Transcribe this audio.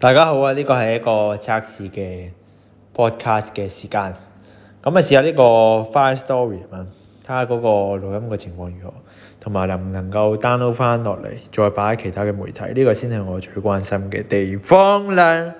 大家好啊！呢個係一個測試嘅 podcast 嘅時間，咁啊試下呢個 Fire Story 啊，睇下嗰個錄音嘅情況如何，同埋能唔能夠 download 翻落嚟，再擺喺其他嘅媒體，呢個先係我最關心嘅地方啦。